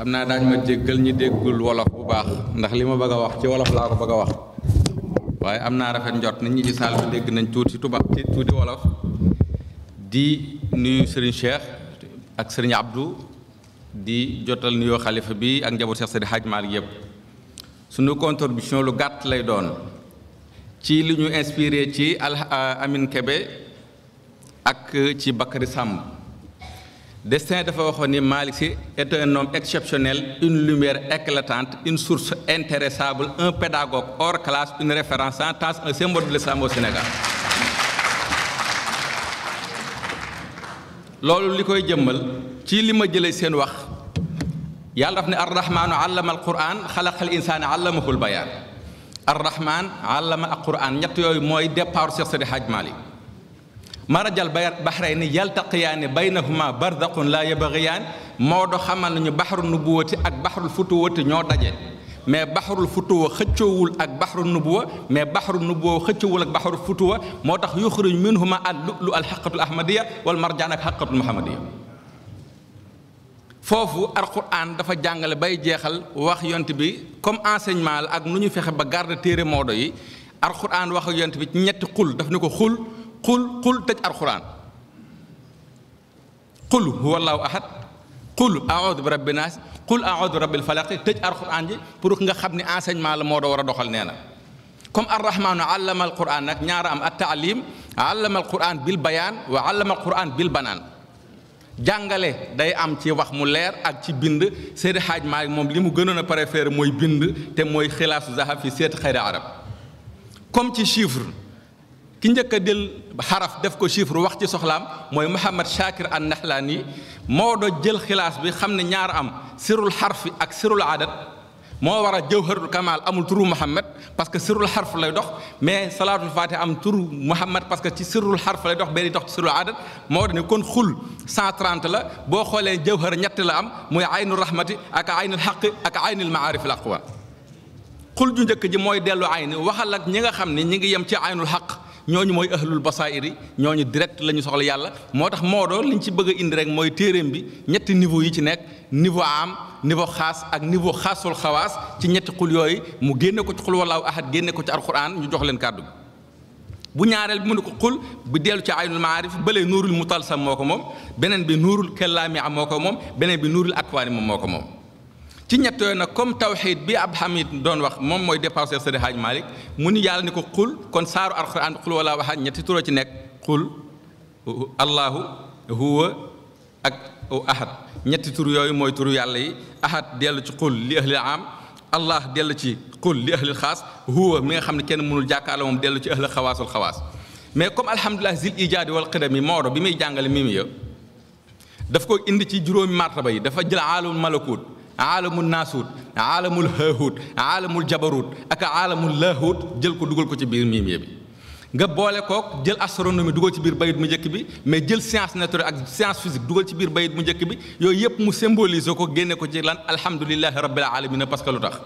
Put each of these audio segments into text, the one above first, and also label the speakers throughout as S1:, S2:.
S1: am naa daañ ma jéggal ñi déggul wolof bu baax ndax li ma bagg a wax ci wolof laa ko bëgg a wax waaye am naa rafet njort nit ñi ci bi dégg nañ tuuti tubaab ci tuuti wolof di nuyu Serigne Cheikh ak Serigne Abdou di jotal nuyoo xalifa bi ak njaboot Cheikh Seydi Hadj Malick yëpp suñu contribution lu gàtt lay doon ci li ñu inspiré ci al Amin Kebe ak ci Bakary sàmm Destin dafa waxoon ni Malick Sy est un homme exceptionnel une lumière éclatante une source intéressable un pédagogue hors classe une référence sans tache un symbole de Sénégal loolu li koy jëmmal ci li ma jëlee seen wax yàlla daf ne arrahmaanu allama alquran xalaqal insaana allamahul bayaan arrahmaan allama alquran ñett yooyu mooy départ Cheikh Seydi Hadj bay marajal bahrayni yaltaqiyaani baynahuma barzaqun laa yabgiyaan moo moodo xamal nañu baxru nubuwati ak baxrul futuwati ñoo daje mais baxrul futuwa xëccoowul ak baxru nubuwa mais baxru nubuwa xëccoowul ak baxru futuwa moo tax yuxruj minhuma al lulu al xaqatul ahmadiya wal marjaan ak xaqatul muhammadiya foofu alquran dafa jàngale bay jeexal wax yont bi comme enseignement la ak nu ñu fexe ba garde téere moodo yi alquran wax yont ñetti xul daf ne ko xul xul xul tëj alxuraan xul huwallaahu ahad xul aoudu bi rabbi naas xul aoudu bi rabbil falaq tëj alxuraan ji pour nga xam ne enseignement la moo doo war a doxal nee na comme arrahmaanu allama alquran nag ñaara am at taalim allama alquran bil bayaan wa allama alquran bil banaan jàngale day am ci wax mu leer ak ci bind Seydi Hadj Malick moom li mu gënoon a préféré mooy bind te mooy xilaasu zahab fi seeti xayri arab comme ci chiffre ki njëkk a jël xaraf def ko chiffre wax ci soxlaam mooy Mouhamad Shakir an Nahlaani moo do jël xilaas bi xam ne ñaar am sirul xarfi ak sirul adat moo war a jawharul kamal amul turu Mouhamad parce que sirul xarf lay dox mais salaatul faati am turu Mouhamad parce que ci sirul xarf lay dox benn dox ci sirul adat moo do ne kon xul 130 la boo xoolee jawhar ñett la am muy aynul rahmati ak aynul xaq ak aynul maarif al aqwa xul ju njëkk ji mooy dellu ayn waxal ñi nga xam ne ñi ngi yem ci aynul xaq ñooñu mooy ahlul basaa'iri ñooñu direct la ñu soxla yàlla moo tax Maodo liñ ci bëgg a indi rek mooy téeréem bi ñetti niveau yi ci nekk niveau am niveau xaas ak niveau xaasul xawaas ci ñetti xul yooyu mu génne ko ci xul wallaahu ahad génne ko ci alquran ñu jox leen kàddu bi bu ñaareel bi mu ne ko xul bi dellu ci aynul maarif bële nuurul mutalsam moo ko moom beneen bi nuurul kalaami am moo ko moom beneen bi nuurul atwaani moom moo ko moom ci ñett yooyu nag comme tawxiid bi ab Hamid doon wax moom mooy dépensé Seydi Hadj Malick mu ni yàlla ni ko xul kon saaru alxuraan xul wala waxaat ñetti turoo ci nekk xul allahu huwa ak ahad ñetti tur yooyu mooy turu yàlla yi ahad dellu ci xul li ahlil am allah dellu ci xul li ahlil xaas huwa mi nga xam ne kenn mënul jàkkaarloo moom dellu ci ahli xawaasul xawaas mais comme alhamdulilah zil ijaadi wal qidami Maodo bi muy jàngale mimi ya daf ko indi ci juróomi martaba yi dafa jël aalul malakut aalamul naasuut aalamul haahuut aalamul jabaruut ak aalamul laahuut jël ko dugal ko ci biir miimiya bi nga boole kook jël astronomie dugal ci biir bayit mu njëkk bi mais jël science naturelle ak science physique dugal ci biir bayit mu njëkk bi yooyu yëpp mu symboliser ko génne ko ci lan alhamdulilahi rabbil alamina parce que lu tax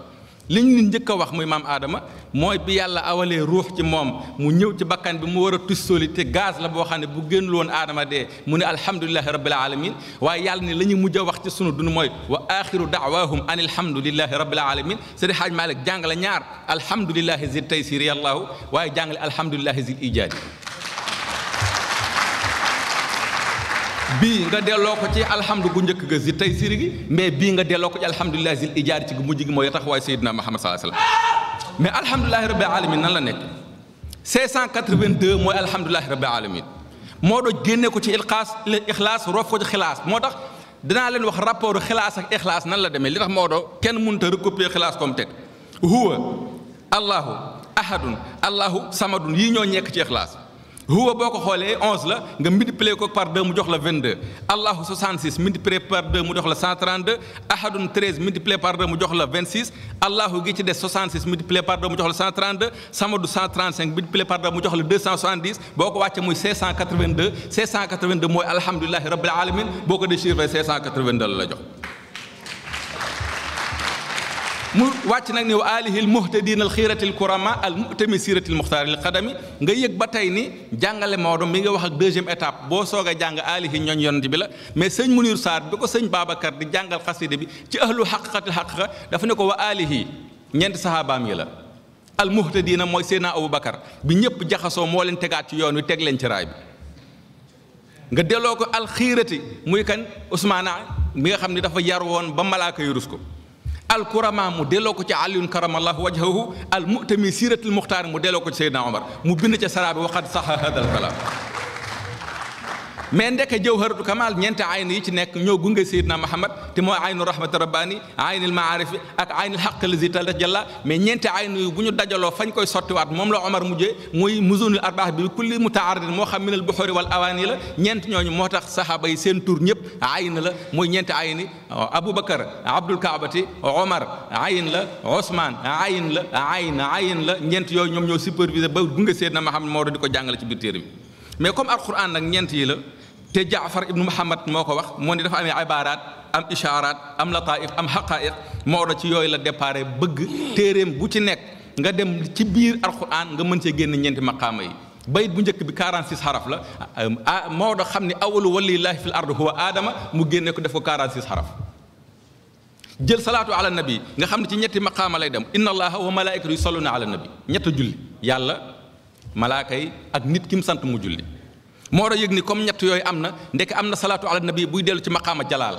S1: liñ ñu njëkk a wax muy maam aadama mooy bi yàlla awalee ruux ci moom mu ñëw ci bakkan bi mu war a tus te gaz la boo xam ne bu génn woon aadama dee mu ne alhamdulilahi rabbil alamin waaye yàlla ni la ñu mujj a wax ci sunu dund mooy wa axiru daawahum an alhamdulilahi rabbil alamin sëriñ xaaj maalik jàng la ñaar alhamdulilahi zil taysiri yàllaahu waaye jàng le alhamdulilahi zil ijaadi bii nga delloo ko ci alhamdu gu njëkk ga si tey siri mais bii nga delloo ko ci alhamdulilah zil ijaari ci gu mujj gi mooy taxawaay Seydina Muhammad sallallahu alayhi wasallam mais alhamdulilahi rabbil alamin nan la nekk 582 mooy alhamdulilahi rabbil alamin moo doo génne ko ci ilxaas ixlaas rof ko ci xilaas moo tax dinaa leen wax rapport xilaas ak ixlaas nan la demee li tax moo doo kenn mënta recopier xilaas comme teg huwa allahu ahadun allahu samadun yii ñoo ñekk ci ixlaas huwa boo ko xoolee 11 la nga multiplier ko par 2 mu jox la 22 allahu 66 multiplier par 2 mu jox la 132 ahadun 13 allahu gi ci des 66 multiplier par 2 mu jox la 132 samadu 135 multiplier par 2 mu jox la 270 boo ko wàccee muy mooy alhamdulilahi rabbil alamin boo ko déchiffré 682 la jox mu wàcc nag ni wa alihil muhtadin al xiiratil kurama al mutami siratil muxtaaril xadami nga yëg ba tey ni jàngale Maodo bi nga wax ak deuxième étape boo soog a jàng alihi ñooñ yonent bi la mais sëñ Munir Sarr bi ko sëñ Babacar di jàngal xaside bi ci ahlu xaqiqatil xaqiqa dafa ne ko wa alihi ñeenti saxaabaam yi la al muhtadina mooy Seydina Aboubacar bi ñëpp jaxasoo moo leen tegaat ci yoon wi teg leen ci raay bi nga delloo ko alxiirati muy kan Ousmane mi nga xam ne dafa yar woon ba malaaka yu rus ko alkurama mu delloo ko ci aliyun karamallahu wajhahu al mutami siratul muxtaar mu delloo ko ci seydina omar mu bind ca saraa bi waxat saxa hadal kalaam mais ndeke jawharatu kamal ñeenti ayn yi ci nekk ñoo gunge Seydina Muhammad te mooy aynu rahmati rabbani aynil maarifi ak aynil mais ñeenti ayn yu bu ñu dajaloo fañ koy sottiwaat moom la Omar mujjee muy muzunul arbaax bi kulli mutaaridin moo xam minal buxuri wal awaani la moo tax saxaaba yi seen tur ñëpp ayn la mooy ñeenti ayn yi Aboubacar Abdul Kaabati Omar ayn la Ousmane ayn la ayn ayn la ñeent yooyu ñoom ñoo supervisé ba gunge Seydina Muhammad moo doon di ko jàngale ci biir téere bi mais comme alquran nag ñeent yi la te jaafar ibnu muhammad moo ko wax moo ni dafa amee ibaaraat am ishaaraat am lataif am xaqaiq Maodo ci yooyu la déparé bëgg téeréem bu ci nekk nga dem ci biir alquran nga mën cee génn ñeenti maqaama yi bayit bu njëkk bi 46 xaraf la ah Maodo xam ne awalu walillaahi fil ard huwa aadama mu génne ko def ko 46 xaraf jël salaatu ala nabi nga xam ne ci ñetti maqaama lay dem inna allaha wa malaikatu yusalluna ala nabi ñett julli yàlla malaaka yi ak nit ki sant mu julli moo a yëg ni comme ñett yooyu am na ndeke am na salaatu ala nabi buy dellu ci maqaama jalaal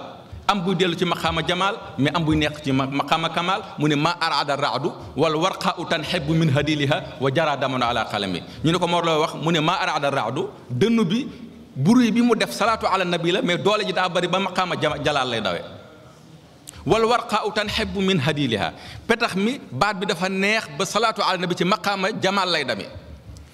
S1: am buy dellu ci maqaama jamaal mais am buy nekk ci maqaama kamaal mu ne ma arada raadu wala warqa u tan xebbu min hadiliha wa jara damano ala xalami ñu ne ko moo wax mu ne ma arada raadu dënn bi bruit bi mu def salaatu ala nabi la mais doole ji daa bari ba maqaama jalaal lay dawe wal warqa u tan xebbu min hadiliha petax mi baat bi dafa neex ba salaatu ala nabi ci a jamaal lay dame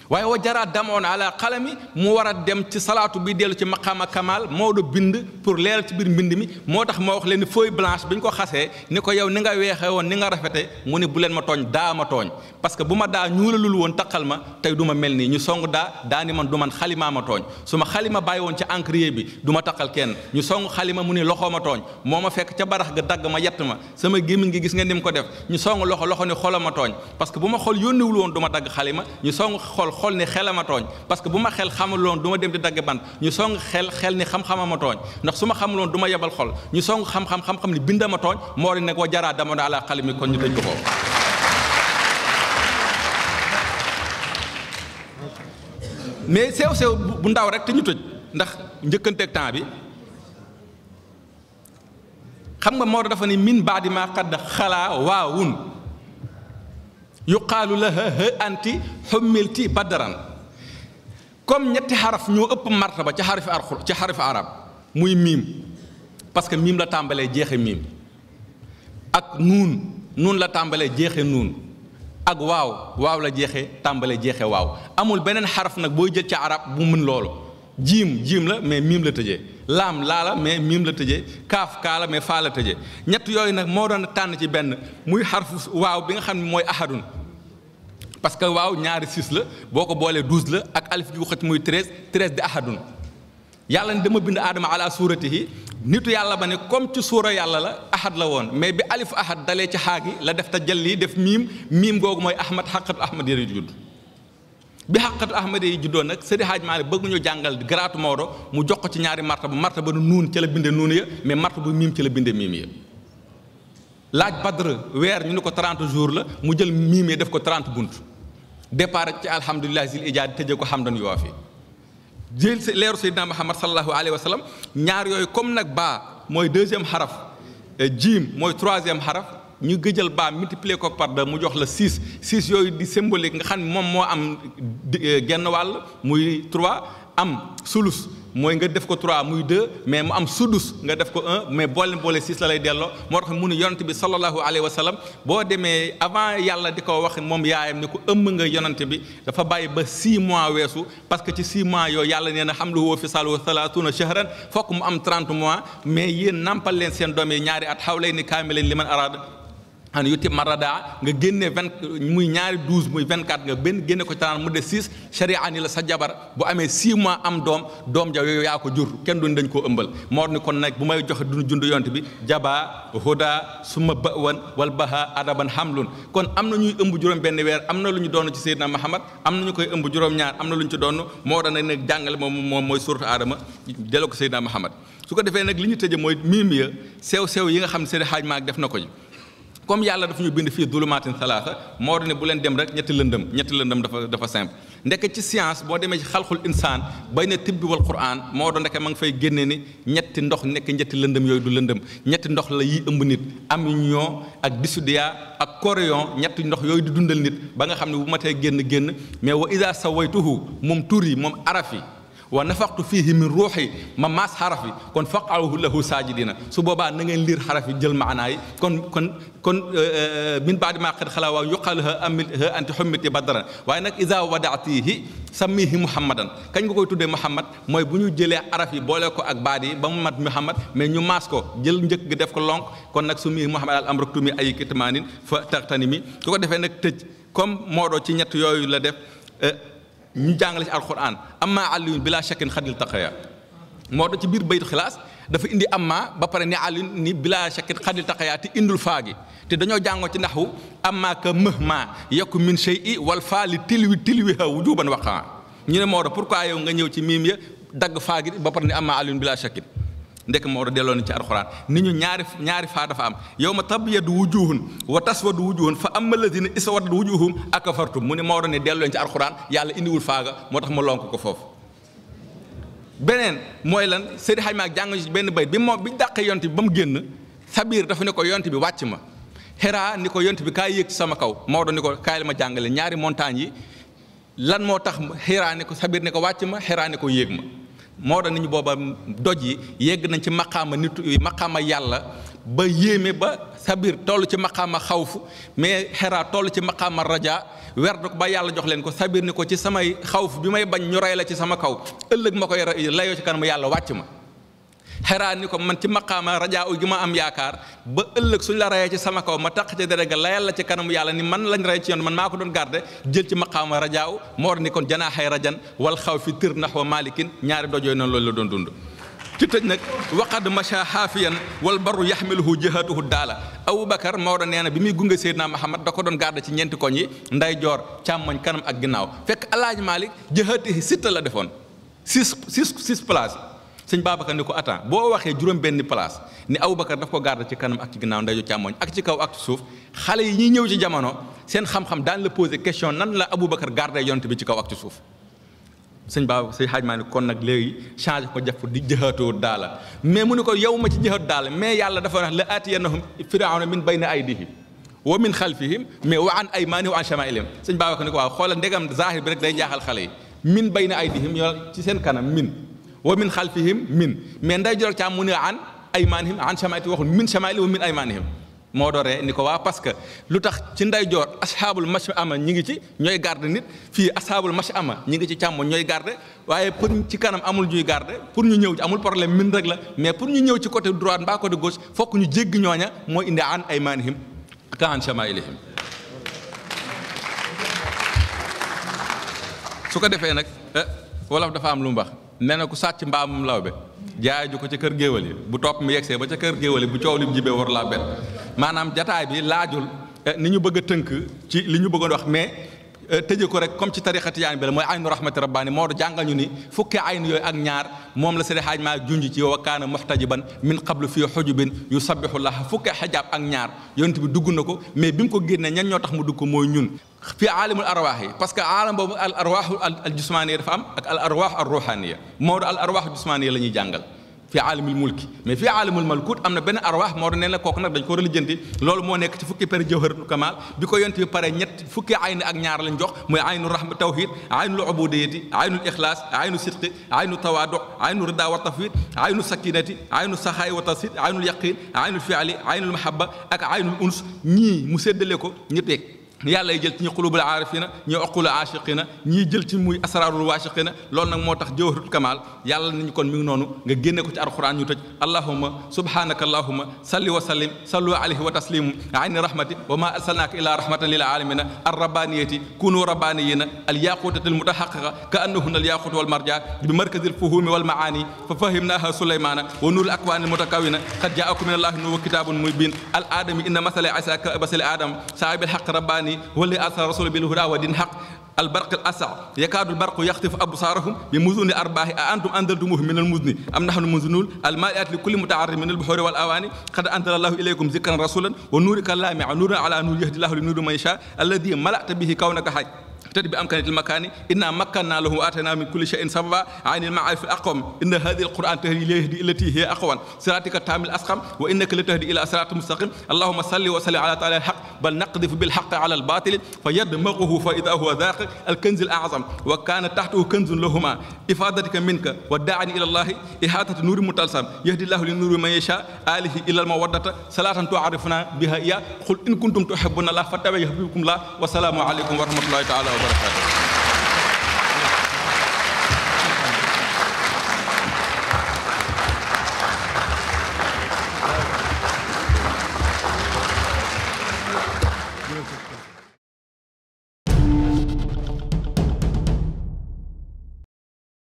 S1: waaye wa jaraat damoon xale xalami mu war a dem ci salaatu bi dellu ci maqaama kamal Maodo bind pour leeral ci biir mbind mi moo tax ma wax leen feuille blanche bi ñu ko xasee ni ko yow ni nga weexe woon ni nga rafete mu ne bu leen ma tooñ daa ma tooñ parce bu ma daa ñuulalul woon taqal ma tey du ma mel nii ñu song daa daa ni man du man xalimaa ma tooñ su ma xalima bàyyi woon ci encrier bi taqal kenn ñu song xalima mu ne loxoo ma tooñ moo ma fekk ca barax ga dagg ma yett ma sama gémmiñ gi gis nga ko def ñu song loxo loxo ne xola ma tooñ que bu ma xol yónniwul woon du ma dagg xalima ñu song xol xool ni xel ma tooñ parce que bu ma xel xamuloon du ma dem di dagg bant ñu song xel xel ni xam-xama ma tooñ ndax su ma xamuloon duma ma yebal xol ñu song xam-xam xam-xam ni bind ma tooñ moo di ne ko jaraa dama la ala xalimi kon ñu tëj ko foofu mais sew sew bu ndaw rek te ñu tëj ndax njëkkanteeg temps bi xam nga Maodo dafa ni min baadi maa xadd xalaa waawun yuqaalu la hë anti xummilti baddaran comme ñetti xaraf ñoo ëpp martaba ci xarifi arxul ci xarifi arab muy miim parce que miim la tàmbalee jeexe miim ak nuun nuun la tàmbalee jeexe nuun ak waaw waaw la jeexe tàmbalee jeexe waaw amul beneen xaraf nag booy jël ci arab bu mën loolu jiim jiim la mais miim la tëjee laam laa la mais miim la tëje kaaf kaa la mais faa la tëjee ñett yooyu nag moo doon tànn ci benn muy xarfu waaw bi nga xam ni mooy ahadun parce que waaw ñaari six la boo ko boolee douze la ak alif gi ko xëcc muy treize treize di ahadun yàlla ne dama bind aadama ala suuratihi nitu yàlla ba ne comme ci suura yàlla la ahad la woon mais bi alifu ahad dalee ci xaagi la def jël tajalli def miim miim googu mooy ahmad xaqatu ahmad yi judd bi xaqatu ahmad yi juddoo nag sëriñ Hadj Malick bëgg ñu jàngal garaatu Maodo mu jox ko ci ñaari martaba martaba nu nuun ca la binde nuun ya mais martaba miim ca la binde miim ya laaj badr weer ñu ne ko 30 jours la mu jël miim ya def ko départ ci alhamdulilah zil ijaad tëjee ko xamdan yuwaafi jël si leeru sayyidina Muhammad sallallahu alayhi wa sallam ñaar yooyu comme nag baa mooy deuxième xaraf euh, jiim mooy troisième xaraf ñu gëjal baa multiplier ko par deux mu jox la six six yooyu di symbolique nga xam ne moom moo am euh, genn wàll muy trois am sulus mooy nga def ko 3 muy 2 mais mu am sudus nga def ko 1 mais boole boole 6 la lay delloo moo tax mu ne yonante bi sallallahu alayhi wa sallam boo demee avant yàlla di ko wax moom yaayam ni ko ëmb nga yonante bi dafa bàyyi ba 6 mois weesu parce que ci 6 mois yooyu yàlla nee na hamluhu wa fisaaluhu thalaathuuna shahran fokk mu am 30 mois mais yéen nampal leen seen doom yi ñaari at xaw ni hawlayni kaamilayni liman araada an yutti marada nga génne vingt muy ñaari douze muy vingt quatre nga benn génne ko taraan mu de six sa jabar bu amee six mois am doom doom ja yooyu yaa ko jur kenn duñ dañ koo ëmbal moo ni kon nag bu may joxe dund jund yont bi jaba huda suma bawan wal baha adaban hamlun kon am na ñuy ëmb juróom benn weer am na lu ñu doon ci Seydina Muhammad am na ñu koy ëmb juróom ñaar am na lu ñu ci doon moo da nag nag jàngale moom moom mooy suratu aadama delloo ko Seydina Muhammad su ko defee nag li ñu tëje mooy miim ya sew sew yi nga xam ne Seydi Haaj Maalik def na ko comme yàlla dafa ñu bind fii dulumaatin salaasa moo ne bu leen dem rek ñetti lëndëm ñetti lëndëm dafa dafa simple ndekk ci science boo demee ci xalxul insan bay na tibbi wal quran moo doon ndeke ma nga fay génne ni ñetti ndox nekk ñetti lëndëm yooyu du lëndëm ñetti ndox la yi ëmb nit am aminon ak disudia ak corion ñetti ndox yooyu di dundal nit ba nga xam ne bu matee génn génn mais wa isa sawaytuhu moom tur yi moom arafi wa nafaxtu fiihi min ruuxi ma maas xaraf bi kon faqahu lahu saajidina su boobaa nangeen ngeen liir xaraf jël maanaa yi kon kon kon euh, euh, min baadi maa xad xalaa waaw yuqalu ha amit ha anti xummiti badran waaye nag isa wadaatihi sammihi muhammadan kañ nga koy tuddee muhammad mooy bu ñu jëlee araf yi boole ko ak baat yi ba mu mat muhammad mais ñu maas ko jël njëkk gi def ko lonk kon nag su mihi muhammad al amrak tumi ay foo fa taxtani mi su ko defee nag tëj comme moodoo ci ñett yooyu la def euh, ñu jàngale ci alquran amma àlliyun bilaa shakkin xadil taqaya moo tax ci biir baytu xilaas dafa indi amma ba pare ni àlliyun ni bilaa shakkin xadil taqaya te indul faa gi te dañoo jàngoo ci naxwu amma ka yokk yakku min shay'i wal faa li tilwi tilwiha wax waqaa ñu ne moo tax pourquoi yow nga ñëw ci miim ya dagg faa gi ba pare ni amma àlliyun bilaa shakkin ndekk Maodo delloo na ci alxuraan ni ñu ñaari ñaari faa dafa am yow ma tabyadu wujuhun wa taswadu wujuhun fa amma alladina iswadat wujuhum akafartum mu ne Maodo ne delloo ci alxuraan yàlla indiwul faaga moo tax ma lonk ko foofu. beneen mooy lan Seydi Hadj Maag jàng ci benn bay bi moom bi ñu dàqee yont bi ba mu génn Sabir dafa ne ko yont bi wàcc ma xeraa ni ko yont bi kaa yéeg ci sama kaw Maodo ni ko kaay la ma jàngale ñaari montagnes yi lan moo tax Hera ni ko Sabir ni ko wàcc ma Hera ko yéeg ma. moo da nit ñu booba doj yi yegg nañ ci maqaama nit maqaama yàlla ba yéeme ba sabir tollu ci maqaama xawfu mais xeraa toll ci maqaama raja werd ko ba yàlla jox leen ko sabir ni ko ci samay xawf bi may bañ ñu rey la ci sama kaw ëllëg ma koy re layoo ci kanam yàlla wàcc ma xeraan ni ko man ci maqaama rajaa u gi ma am yaakaar ba ëllëg suñ la rayee ci sama kaw ma taq ci dere ga layal la ci kanamu yàlla ni man lañ rey ci yoon man ko doon garde jël ci maqaama rajaa u moo war ni kon janaaxay rajan wal xaw fi tir nax wa malikin ñaari dojooy noonu loolu la doon dund ci tëj nag waqad macha xaafiyan wal barru yaxmiluhu jihatuhu daala aboubacar Maodo nee na bi muy gunge Seydina Muhammad da ko doon garde ci ñeenti koñ yi nday joor càmmoñ kanam ak ginnaaw fekk alaaji Malik jihatihi sitta la defoon six six six place sëñ Babacar ni ko attends boo waxee juróom benn place ni Aboubacar daf ko garde ci kanam ak ci ginnaaw ndajo càmmoñ ak ci kaw ak ci suuf xale yi ñëw ci jamono seen xam-xam daan la poser question nan la Aboubacar garde yonent bi ci kaw ak ci suuf sëñ Babacar sëñ maa ni kon nag léegi changé ko jaf di jëxatoo daala mais mu ne ko yow ma ci jëxatu daala mais yàlla dafa wax la aatiyannahum firawna min bayna aydihim wa min xalfihim mais wa an aymaanihim wa an shamaa'ilihim sëñ Babacar ko waaw xoolal ndegam zahir day jaaxal xale yi min bayna aydihim yoo seen kanam min wa min xalfihim min mais nday jorog caam mu ne an aymaanihim an chamaati waxul min chamaali wa min aymaanihim moo dooree ni ko waa parce que lu tax ci nday joor ashaabul mash ama ñi ngi ci ñooy garde nit fii ashaabul mash ama ñi ngi ci càmmoñ ñooy garde waaye pour ci kanam amul ñuy garde pour ñu ñëw ci amul problème min rek la mais pour ñu ñëw ci côté droite mbaa côté gauche fokk ñu jégg ñooña moo indi an aymaanihim ka an chamailihim su ko defee nag eh, wolof dafa am lu mu nee na ku sàcc mbaamum lawbe jaay ju ko ca kër géwél yi bu topp mu yegsee ba ca kër géwél yi bu coow li jibee war laa maanaam jataay bi laajul eh, ni ñu bëgg a tënk ci li ñu bëggoon wax mais Euh, tëjee ko rek comme ci tariqa tijaan bi la mooy aynu rahmati rabbaani moo du jàngal ñu ni fukki aynu yooyu ak ñaar moom la sëriñ xaaj maa junj ci wa kaana muxtajiban min qablu fii xujubin yu sabbihu laha fukki xajaab ak ñaar yonent bi dugg na ko mais bi mu ko génnee ñan ñoo tax mu dugg ko mooy ñun fii aalamul arwaax yi parce que aalam boobu al arwaaxu al jismaaniya dafa am ak al arwaaxu al ruuxaaniya moo du al arwaaxu jismaaniya la ñuy jàngal fi aalamul mulki mais fii aalamul malakut am na benn arwaax moo doon ne la kooku nag dañ ko war a lijjanti loolu moo nekk ci fukki per jawharatul kamal bi ko yonent bi pare ñett fukki aynu ak ñaar lañ jox muy aynu rahma tawhid aynul ubudiyati aynul ixlaas aynu sidqi aynu tawaadu aynu rida wa tafwid aynu sakinati aynu saxaay wa tasid aynul yaqin aynul fiali aynul mahabba ak aynul uns ñii mu séddale ko ñu yàlla jël ci ñi xulubul aarifina ñi oqulu aashiqina ñii jël ci muy asraarul waashiqina loolu nag moo tax jawharul kamal yàlla nañu kon mi ngi noonu nga génne ko ci alquran ñu tëj allahuma subhanaka allahuma salli wa sallim sallu alayhi wa taslimu ayni rahmati wa ma arsalnaaka illa rahmatan lil alamina ar rabbaniyati kunu rabbaniyina al yaqutati al mutahaqiqa ka annahunna al yaqut wal marja bi markazil fuhumi wal maani fa fahimnaha الله والذي أرسل رسوله بالهدى ودين حق البرق الأسع يكاد البرق يخطف أبصارهم بمزون أرباه أأنتم أنزلتموه من المزن أم نحن المنزلون المائيات لكل متعرض من البحور والأواني قد أنزل الله إليكم ذكرا رسولا ونورك اللامع نور على نور يهدي الله لنور من يشاء الذي ملأت به كونك حي tati bi am kanit l makaani inna makkanna lahu wa atayna min kulli shay'in sababa ani l maarif aqwam inna hadi alquran tahdi ilayhi illati hiya aqwan siratika tamil asqam wa innaka la tahdi ila siratin mustaqim allahumma salli wa sallim ala taala alhaq bal naqdif bilhaq ala albatil fa yadmaghuhu fa idha huwa dhaqiq alkanz alazam wa kana tahtuhu kanzun lahuma ifadatika minka wa daani ila allahi ihatati nuri mutalsam yahdi llahu li nuri man yasha alihi ila almawaddata salatan tu'arifuna biha iya qul in kuntum tuhibbuna allah fattabihkum la wa salaamu alaykum wa rahmatullahi taala wa barakaatu.